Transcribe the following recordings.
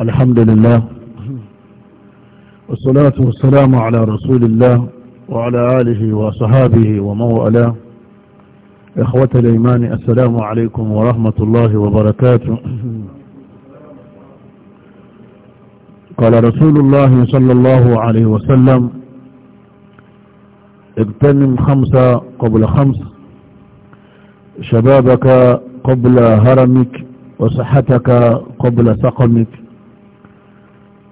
الحمد لله والصلاة والسلام على رسول الله وعلى آله وصحابه ومن والاه إخوة الإيمان السلام عليكم ورحمة الله وبركاته قال رسول الله صلى الله عليه وسلم اغتنم خمسة قبل خمس شبابك قبل هرمك وصحتك قبل سقمك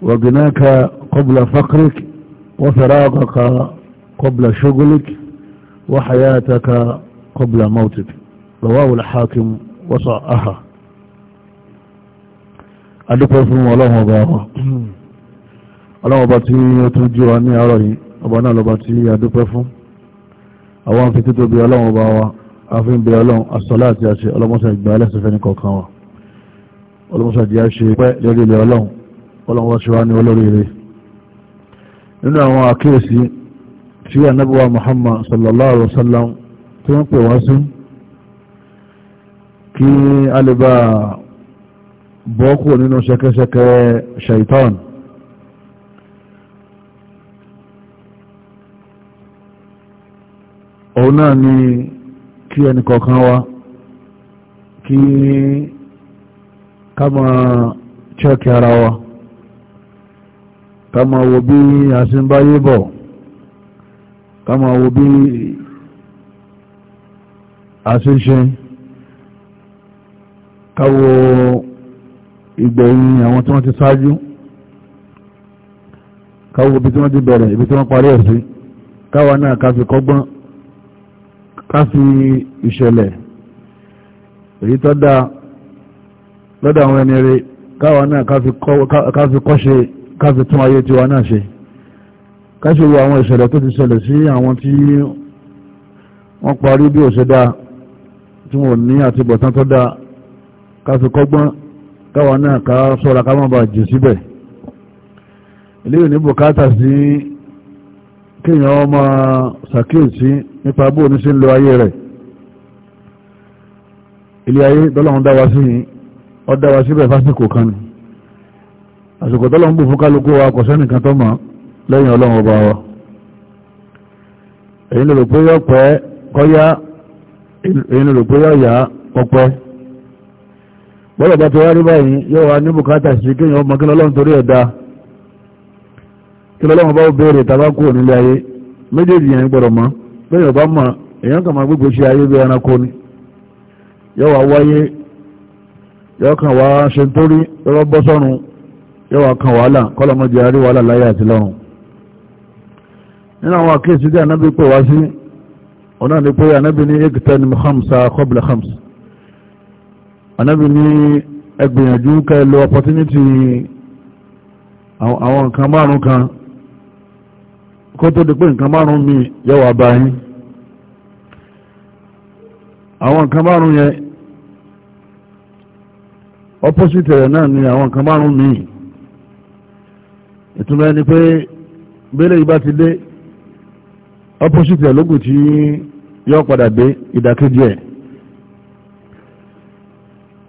وغناك قبل فقرك وفراغك قبل شغلك وحياتك قبل موتك رواه الحاكم وصاها adúpẹ́ fún ọlọ́run ọba wa ọlọ́run ọba tí ó tún jí wa ní àárọ̀ yìí ọba náà lọ́ba tí adúpẹ́ fún àwọn fi títò bí ọlọ́run ọba wa àfihàn bí ọlọ́run asọ́lá àti àṣẹ ọlọ́mọsà ìgbà alẹ́sẹ̀fẹ́ ní kọ̀ọ̀kan wa ọlọ́mọsà jẹ́ àṣẹ pẹ́ lórí ilẹ̀ ọlọ́run ọlọ́wọ́ ṣe wá ní olóríire nínú àwọn àkíyèsí tí anábíwá Muhammad sallallahu alaihi wasallam tí wọ́n pè wá sí kí a lè bá bọ́ọ̀kù nínú ṣẹkẹṣẹkẹ shaitan òun náà ni kí ẹnì kọ̀ọ̀kan wa kí ká máa chẹ́kì ara wa Kama máa wo bí a ṣe ń báyé bọ̀ ká máa wo bí a ṣe ń ṣe ká wo ìgbẹ̀yìn àwọn tí wọ́n ti ṣáájú ká wo ibi tí wọ́n ti bẹ̀rẹ̀ ibi tí wọ́n parí ẹ̀ sí náà ká fi kọ́gbọ́n ìṣẹ̀lẹ̀ èyí tó lọ́dọ̀ àwọn ẹni rẹ̀ káwa náà ká fi kọ́ṣe káfí tún ayé tiwa náà ṣe káṣe wo àwọn ìṣẹ̀lẹ̀ tó ti ṣẹlẹ̀ sí àwọn tí wọ́n parí bí òṣè dáa tí wọ́n ní àti bọ̀tán tó dáa káfí kọ́gbọ́n káwa náà ká sọ́ra ká má bàa jù síbẹ̀ eléyìí ní bùkátà sí kéèyàn máa ṣàkíyèsí nípa bó ní ń lo ayé rẹ̀ ilé ayé dọ́là ń dá wa sí yìí dá wa síbẹ̀ fásitì kò kan ni àsìkò tọ́lọ̀ ń fún kálukú wa kò sẹ́nìkan tó mọ̀ lẹ́yìn ọlọ́run ọba wa èyí lè rò pé yọ pẹ́ kọ́yá èyí lè rò yọ yà ọpẹ́ bọ́lọ̀ bá ti rí báyìí yóò wá ní bùkátà sí kéèyàn ọmọ kí lọ́lọ́run torí ẹ̀dá kí lọ́lọ́run ó béèrè tàbá ayé méjèèjì yẹn gbọ́dọ̀ mọ́ lẹ́yìn ọba mọ̀ èyàn kàn máa ṣe ayé bí ẹranko ni wá wáyé kàn wá ṣe ń torí yọ́wà kan wàhálà kọ́lọ̀mọ́dé arí wàhálà láyé àti lọ́run nínú àwọn àkíyèsí tí ànábì pè wá sí ọ̀nà ní pé ànábì ní ekita ni hamsa kọ́bla hamsa ànábì ní ẹgbìyànjú ká ẹ opportunity àwọn nǹkan márùn kan kó tó di pé nǹkan márùn mi yọ́wà báyìí àwọn nǹkan márùn yẹn opposite rẹ̀ náà ni àwọn nǹkan márùn míì ìtumọ̀ ẹni pé bẹ́lẹ̀ yìí bá ti dé opposite ẹ̀lógún tí yọ padà dé ìdàkejì ẹ̀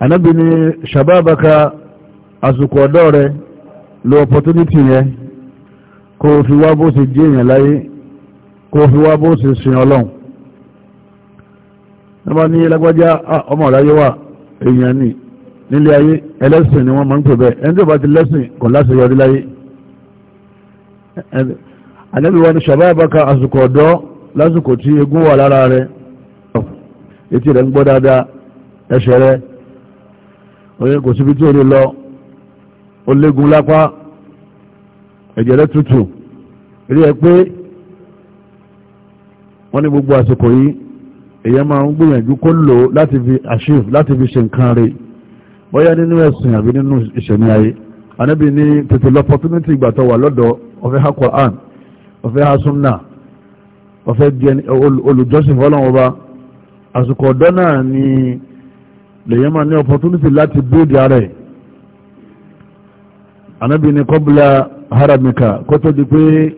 anábì ni ṣàbábàkà àsùkò ọ̀dọ́ rẹ lo opportunity yẹn kó o fi wá bó ṣe jí èèyàn láyé kó o fi wá bó ṣe sin ọlọ́run nígbà ní lágbájá ah, ọmọ ọ̀ráyé wà èèyàn ní nílé ayé ẹlẹ́sìn ni wọ́n máa ń pè bẹ́ẹ̀ ẹni tí ó bá ti lẹ́sìn kò láṣeyọrí láyé ànábì wa ni ṣàbábàkà àsìkò ọ̀dọ́ lásìkò ti egun wa lara rẹ̀ etí rẹ̀ ń gbọ́ onye kò síbi o lè lọ ó lápá ẹ̀jẹ̀ rẹ̀ rí ẹ pé wọ́n ní gbogbo àsìkò yìí èyẹ máa ń gbìyànjú kó lò láti fi láti fi ṣe nǹkan rè anábì ni tètè lọ opportunity ìgbà wà lọ́dọ̀ ọ̀fẹ́ ha Quran ọ̀fẹ́ ha sunna ọ̀fẹ́ olùjọ́sìn fọlọ́wọ́n ọba ọ̀dọ́ náà ni lèyìn máa ní opportunity láti ara ẹ̀ anabi ni kọ́bùlà haramika kó tó di pé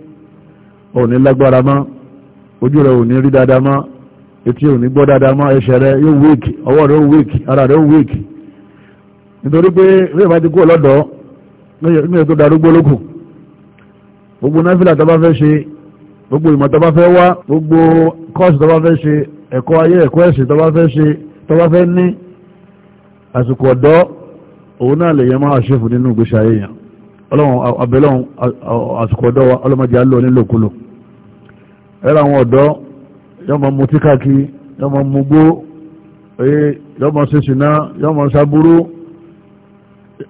ò lágbára mọ́ ojú rẹ̀ ò rí dáadáa etí ara rẹ̀ ó wíìkì nítorí pé bí ìbá ní ètò darúgbó lókù gbogbo náfìlà tó bá fẹ́ ṣe gbogbo ìmọ̀ tó bá fẹ́ wá gbogbo kọ́ọ̀sì tó bá fẹ́ ṣe ẹ̀kọ́ ayé ẹ̀kọ́ ẹ̀sìn tó bá fẹ́ ṣe tó bá fẹ́ ní àsìkò ọ̀dọ́ òun náà lè yẹn máa ṣe nínú ìgbésí ayé yẹn ọlọ́run abẹ́lọ́run àsìkò ọ̀dọ́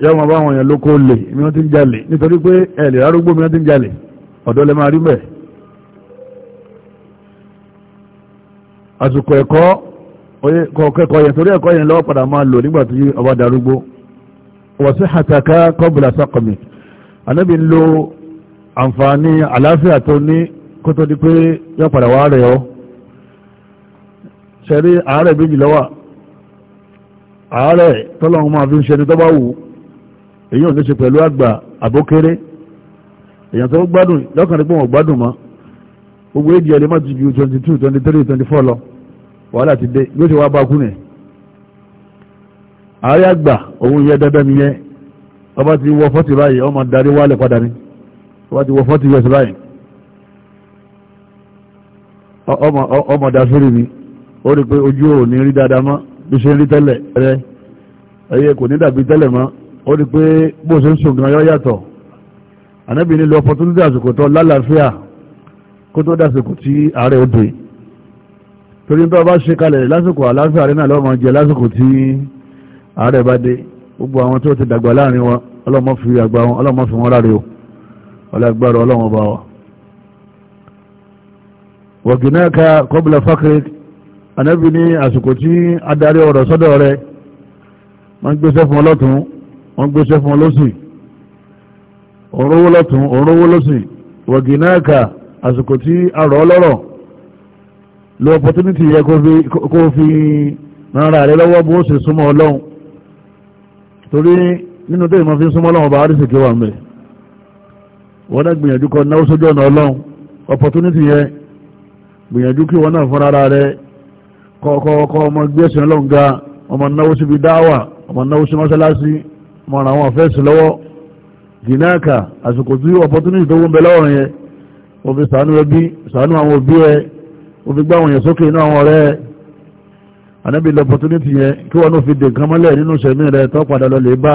yọ ma bá àwọn èèyàn lóko lè mi wọ́n ti ń jalè nítorí pé ẹ̀lẹ̀ arúgbó mi wọ́n ti ń jalè ọ̀dọ́ lẹ máa rí mẹ́ àsìkò ẹ̀kọ́ kọ̀ọ̀kẹ́kọ̀ọ́ yẹn torí ẹ̀kọ́ yẹn lọ́wọ́ padà máa lò nígbà tí ọba darúgbó wọ́n sí àtàkà kọ́bùlà sákọ̀mì anábì ń lo àǹfààní àlàáfíà tó ní kó tó di pé yọ padà wá rẹ̀ ọ́ ṣẹ̀rí àárẹ̀ méjì lọ́wọ́ àárẹ̀ tọ́lọ́run ni tó èyí ò ní ṣe pẹ̀lú àgbà àbókéré èyàn tó gbádùn lọ́kàn nípa wọn gbádùn mọ́ gbogbo èdè ẹ̀lẹ́ má ti ju 22 23 24 lọ wàhálà ti dé yóò ṣe wá bá kúnẹ̀ ààrẹ àgbà òun yẹ dandan mi yẹ ọba ti wọ 40 báyìí ọmọ darí wálẹ̀ padà ní ọba ti wọ 40 years báyìí ọmọ dasórí mi ó rí pé ojú ò rí dáadáa mọ́ bí ṣe ń rí tẹ́lẹ̀ rẹ ẹyẹ kò ní dàbí tẹ́lẹ̀ mọ́ ó rí pé bó ṣe ń sùn gan yọ yàtọ̀ ànábì ní lọ opportunity àsìkò tó lálàáfíà kó tó dásìkò tí ààrẹ òde torí bá bá ṣe kalẹ̀ lásìkò àlàáfíà rẹ̀ náà lọ́mọ jẹ lásìkò tí ààrẹ bá dé gbogbo àwọn tó ti dàgbà láàrin wọn ọlọ́mọ fi àgbà wọn ọlọ́mọ fi wọn ráre o ọlọ́gbàrọ̀ ọlọ́mọ bá wa wọ̀gínáka kọbùlà fákìrì ànábì ní àsìkò tí adarí ọ̀rọ̀ sọ́dọ̀ rẹ̀ wọ́n gbéṣẹ́ fún ọlọ́tún wọ́n gbéṣẹ́ fún olóṣì òrówó lọ́tún òrówó lọ́sì wọ̀gìnáàkà àsìkò tí a rọ̀ lọ́rọ̀ lo opportunity yẹ kó fi rárá rẹ lọ́wọ́ bó ṣe súnmọ́ ọlọ́run torí nínú tó ìmọ̀ fi súnmọ́ ọlọ́run bá àrísì kí wà mẹ́ wọ́n náà gbìyànjú kọ náà sójú ọ̀nà ọlọ́run opportunity yẹ gbìyànjú kí wọ́n náà fún rárá rẹ kọ́kọ́ ọmọ gbé ẹ̀sìn ọlọ́run ga ọmọ náà síbi dáwà ọmọ náà sí mọ́ṣáláṣí mọ̀ràn àwọn àfẹ́sù lọ́wọ́ jìnnáàkà àsìkò tí opportunity tó wọ́n bẹ lọ́rùn yẹ o fi sàánú ẹbí sàánú àwọn òbí ẹ o fi gbá àwọn èèyàn sókè inú àwọn ọ̀rẹ́ ẹ anábì lọ opportunity yẹn kí wọ́n náà fi dè nǹkan mọ́lẹ̀ nínú sẹ̀mí rẹ tó padà lọ lè bá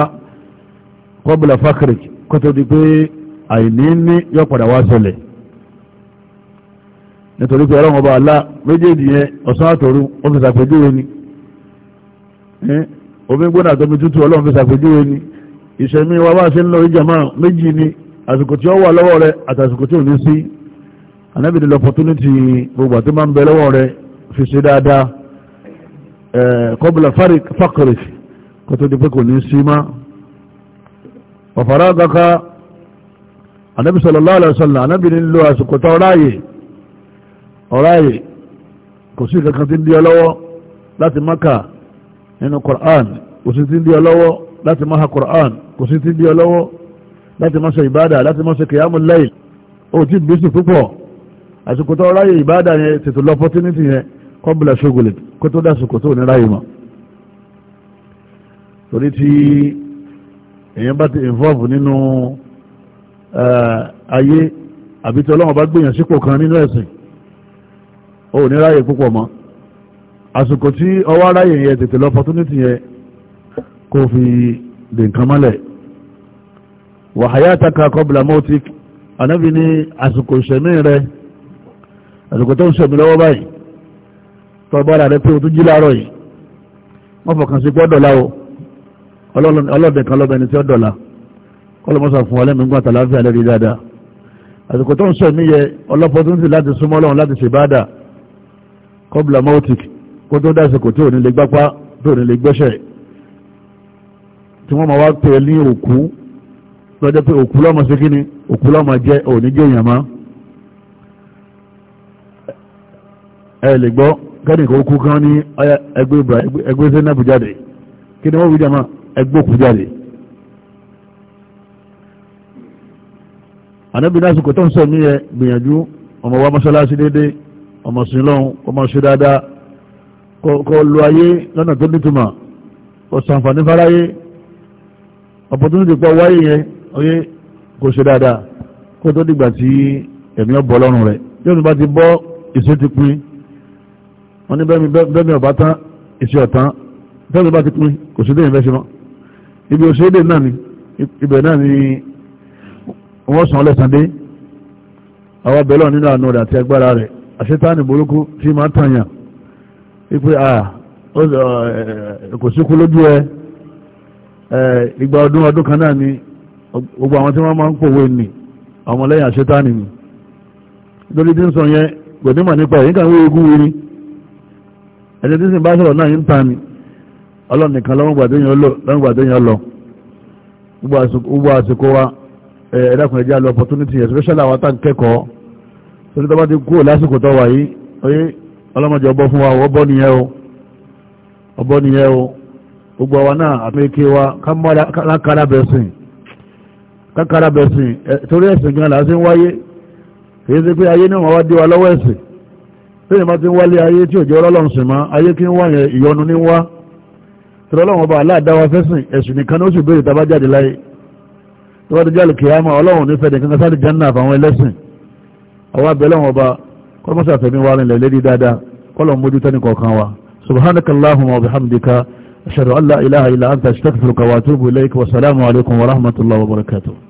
kọ́bùlà fákìrì kó tó di pé àìní ní yọ padà wá ṣẹlẹ̀ nítorí pé ọlọ́run ọba àlá méjèèjì yẹn ọ̀sán àtòru ó fi sàpèjúwe ni omi gbóná àtọ́mi tútù ọlọ́run fi sàpèjúwe ni ìṣẹ̀mí wa bá ṣe ń lọ ìjàmá méjì ni àsìkò tí ó wà lọ́wọ́ rẹ àtàsìkò tí ò ní sí anábìdì lọ́pọ̀túnítì gbogbo àti máa ń bẹ lọ́wọ́ rẹ fi ṣe dáadáa kọ́bùlà fákọ̀rì kò tó di pé kò ní sí má ọ̀fàrà kaka anábì sallallahu alaihi wasallam anábìdì ń lo àsìkò tó ọ̀ráyè ọ̀ráyè kò sí kankan tí ń di ọ láti Mákà nínú Qur'an kò sí ti ń di ọlọ́wọ́ láti máa ha Qur'an kò sí ti ń di ọlọ́wọ́ láti máa ṣe ìbádà láti máa ṣe kìyàmù láì ó ti bísì púpọ̀ àsìkò tó ráyè ìbádà yẹn tètè lọ opportunity yẹn kọ́bùlà ṣogolit kó tó dásìkò tó ní ráyè mọ́ torí tí èyàn bá ti involve nínú eh, ayé àbí tí ọlọ́wọ́n bá gbìyànjú sípò kan nínú ẹ̀sìn ó ní ráyè púpọ̀ mọ́ àsìkò tí ọwọ́ aráyè yẹn tètè lọ opportunity yẹn kò fi dè nǹkan mọ́lẹ̀ wa hayataka qabla mautik anábì ní àsìkò ìṣẹ̀mí rẹ àsìkò tó ń ṣẹ̀mí lọ́wọ́ báyìí tó bára rẹ pé o tún jí láàárọ̀ yìí wọ́n fọkàn sí gbọ́dọ̀ láwo ọlọ́dẹ kan lọ́bẹni tí ó dọ̀la kọlọmọ́sà fún wa lẹ́mìí gbọ́n àtàláfíà lẹ́rí dáadáa àsìkò tó ń ṣẹ̀mí yẹ ọlọ́pọ̀ tó ń sì láti súnmọ́ Ọlọ́run láti ṣèbáàdà kọ́bùlà mautik kó tó dásìkò tí ò ní lè gbápá tí ò ní lè gbẹ́sẹ̀ tí wọ́n ma wá pè ní òkú lọ́jọ́ pé òkú lọ́mọ sí kíni òkú lọ́mọ jẹ́ òní jẹ́ èèyàn má ẹ lè gbọ́ kẹ́nìkan ó kú kan ní ẹgbẹ́ sẹ́nàbù jáde kí ni wọ́n wí jàmá ẹgbẹ́ òkú jáde ànábì lásìkò tó ń sọ ní ẹ gbìyànjú ọmọ wa mọ́sálásí déédéé ọmọ sílọ́hún ọmọ sí dáadáa kọ lu ayé lọ́nà tó nítumọ̀ ọ̀sànfàní fáráyé opportunity pọ̀ wáyé yẹn oyé kò ṣe dáadáa kó tó dìgbà tí ẹ̀mí ọ̀bọ̀ lọ́rùn rẹ̀ yóò ní bá ti bọ́ ìṣó ti pin wọ́n ní bẹ́ẹ̀mí ọ̀bá tán ìṣe ọ̀tán bẹ́ẹ̀mí bá ti pin kò sí déyìn fẹ́ ṣe mọ́ ibi òṣèlè náà ni ibẹ̀ náà ni wọ́n sàn lẹ́sàn dé àwọn bẹ̀rẹ̀ nínú àánú rẹ̀ àti agbára rẹ̀ àṣetáni burúkú tí máa tàyàn wípé kò síkú lójú ẹ ìgbà ọdún ọdún kan náà ni gbogbo àwọn tí wọ́n máa ń pòwe nì ọmọlẹ́yìn àṣetánì ni lórí tí ń sọ yẹn kò ní mà nípa èyí kan wí egún wiri ẹni tí sì bá sọ̀rọ̀ náà ń ta ni ọlọ́run nìkan lọ́wọ́gbàdéyàn lọ gbogbo àsìkò wa ẹ̀ẹ́dàkùn ẹ̀já lọ opportunity especially àwọn tá ń kẹ́kọ̀ọ́ torí tó bá ti kúrò lásìkò tó wà yìí ọlọ́mọdé ọbọ̀ fún wa ọbọ̀ nìyẹn o ọbọ̀ nìyẹn o gbogbo àwa náà àmẹ́kẹ́ wa kákàrà bẹ̀sìn kákàrà bẹ̀sìn torí ẹ̀sìn gan làásí ń wáyé kìí sí pé ayé náà wá dé wa lọ́wọ́ ẹ̀sìn tí ìyẹn bá ti ń wálé ayé tí òjò ọlọ́run sìn mọ́ ayé kí ń wá yẹn ìyọnu ní wá torí ọlọ́run ọba aláàdáwa fẹ́sìn ẹ̀sìn nìkan ní ó sì tá a bá jáde láyé tó jáde kìí àmọ́ ọlọ́run nífẹ̀ẹ́ nìkan sáré jẹ́ náà fáwọn ẹlẹ́sìn àwọn abẹ́lẹ́ wọn ọba kọlọmọsí àfẹ́mí wa rìnlẹ̀ lérí dáadáa kọlọm mójú tẹ́ni kọ̀ọ̀kan wa subhanakallahumma wa bihamdika ashhadu an la ilaha illa anta astaghfiruka wa atubu ilayk wa salaamu alaikum wa rahmatullahi wa barakatuh